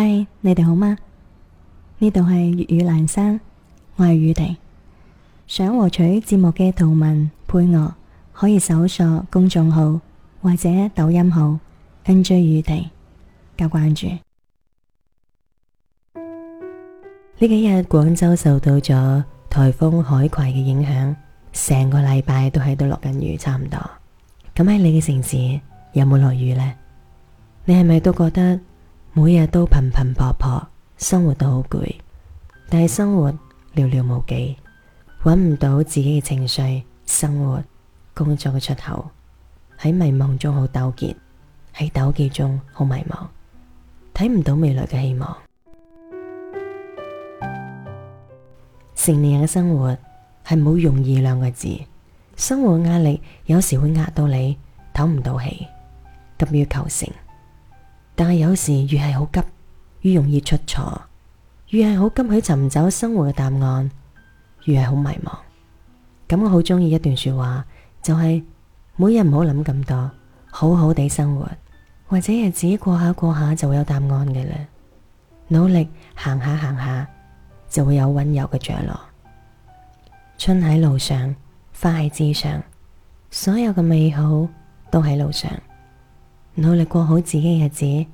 嗨，hey, 你哋好嗎？呢度係粵語蘭山，我係宇婷。想獲取節目嘅圖文配樂，可以搜索公眾號或者抖音號 NJ 宇婷加關注。呢幾日廣州受到咗台風海葵嘅影響，成個禮拜都喺度落緊雨，差唔多。咁喺你嘅城市有冇落雨呢？你係咪都覺得？每日都頻頻撲撲，生活都好攰，但係生活寥寥無幾，搵唔到自己嘅情緒、生活工作嘅出口。喺迷茫中好糾結，喺糾結中好迷茫，睇唔到未來嘅希望。成年人嘅生活係冇容易兩個字，生活嘅壓力有時會壓到你唞唔到氣，急於求成。但係有時越係好急，越容易出錯；越係好急去尋找生活嘅答案，越係好迷茫。咁我好中意一段說話，就係每日唔好諗咁多，好好地生活，或者係自己過下過下就會有答案嘅啦。努力行下行下，就會有溫柔嘅着落。春喺路上，花喺枝上，所有嘅美好都喺路上。努力過好自己嘅日子，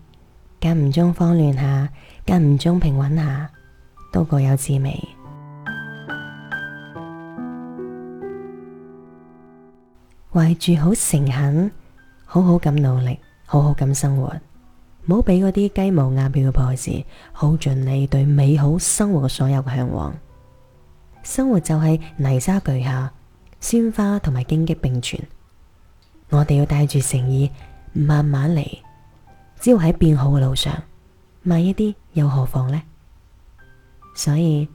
間唔中慌亂下，間唔中平穩下，都各有滋味。懷住好誠懇，好好咁努力，好好咁生活，唔好俾嗰啲雞毛鴨血嘅破事耗盡你對美好生活嘅所有嘅向往。生活就係泥沙俱下，鮮花同埋荊棘並存。我哋要帶住誠意。慢慢嚟，只要喺變好嘅路上，慢一啲又何妨呢？所以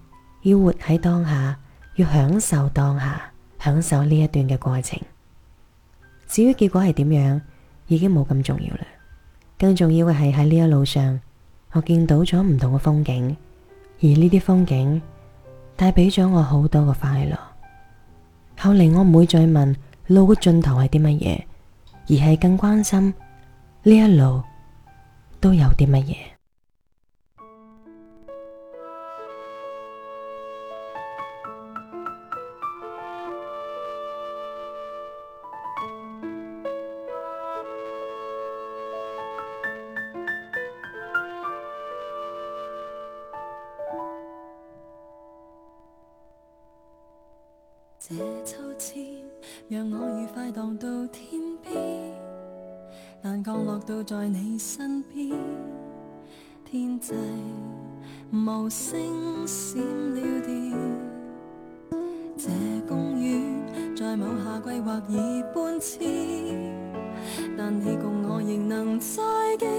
要活喺當下，要享受當下，享受呢一段嘅過程。至於結果係點樣，已經冇咁重要啦。更重要嘅係喺呢一路上，我見到咗唔同嘅風景，而呢啲風景帶俾咗我好多嘅快樂。後嚟我唔會再問路嘅盡頭係啲乜嘢。而係更關心呢一路都有啲乜嘢？難降落到在你身邊，天際無聲閃了電。這公園在某夏季或已搬遷，但你共我仍能再見，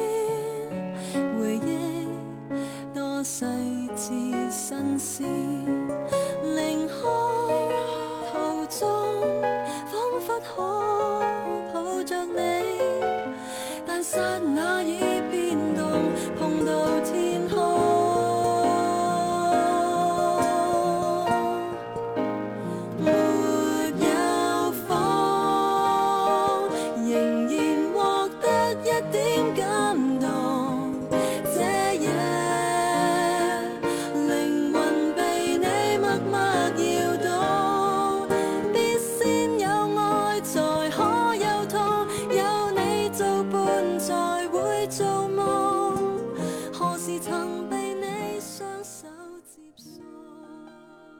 回憶多細緻新鮮。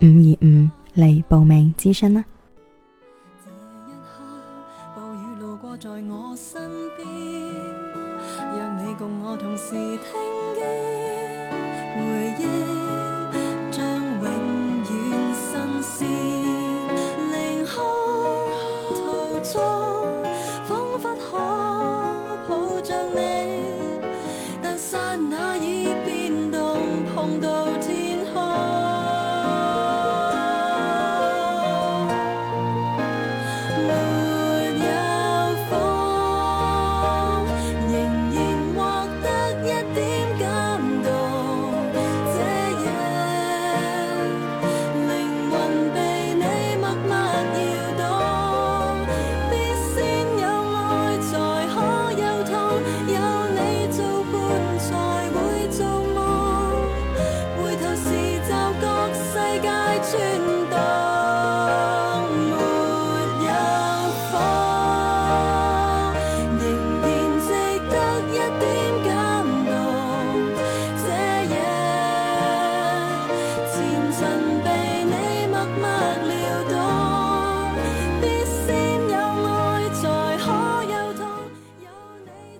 五二五嚟報名諮詢啦！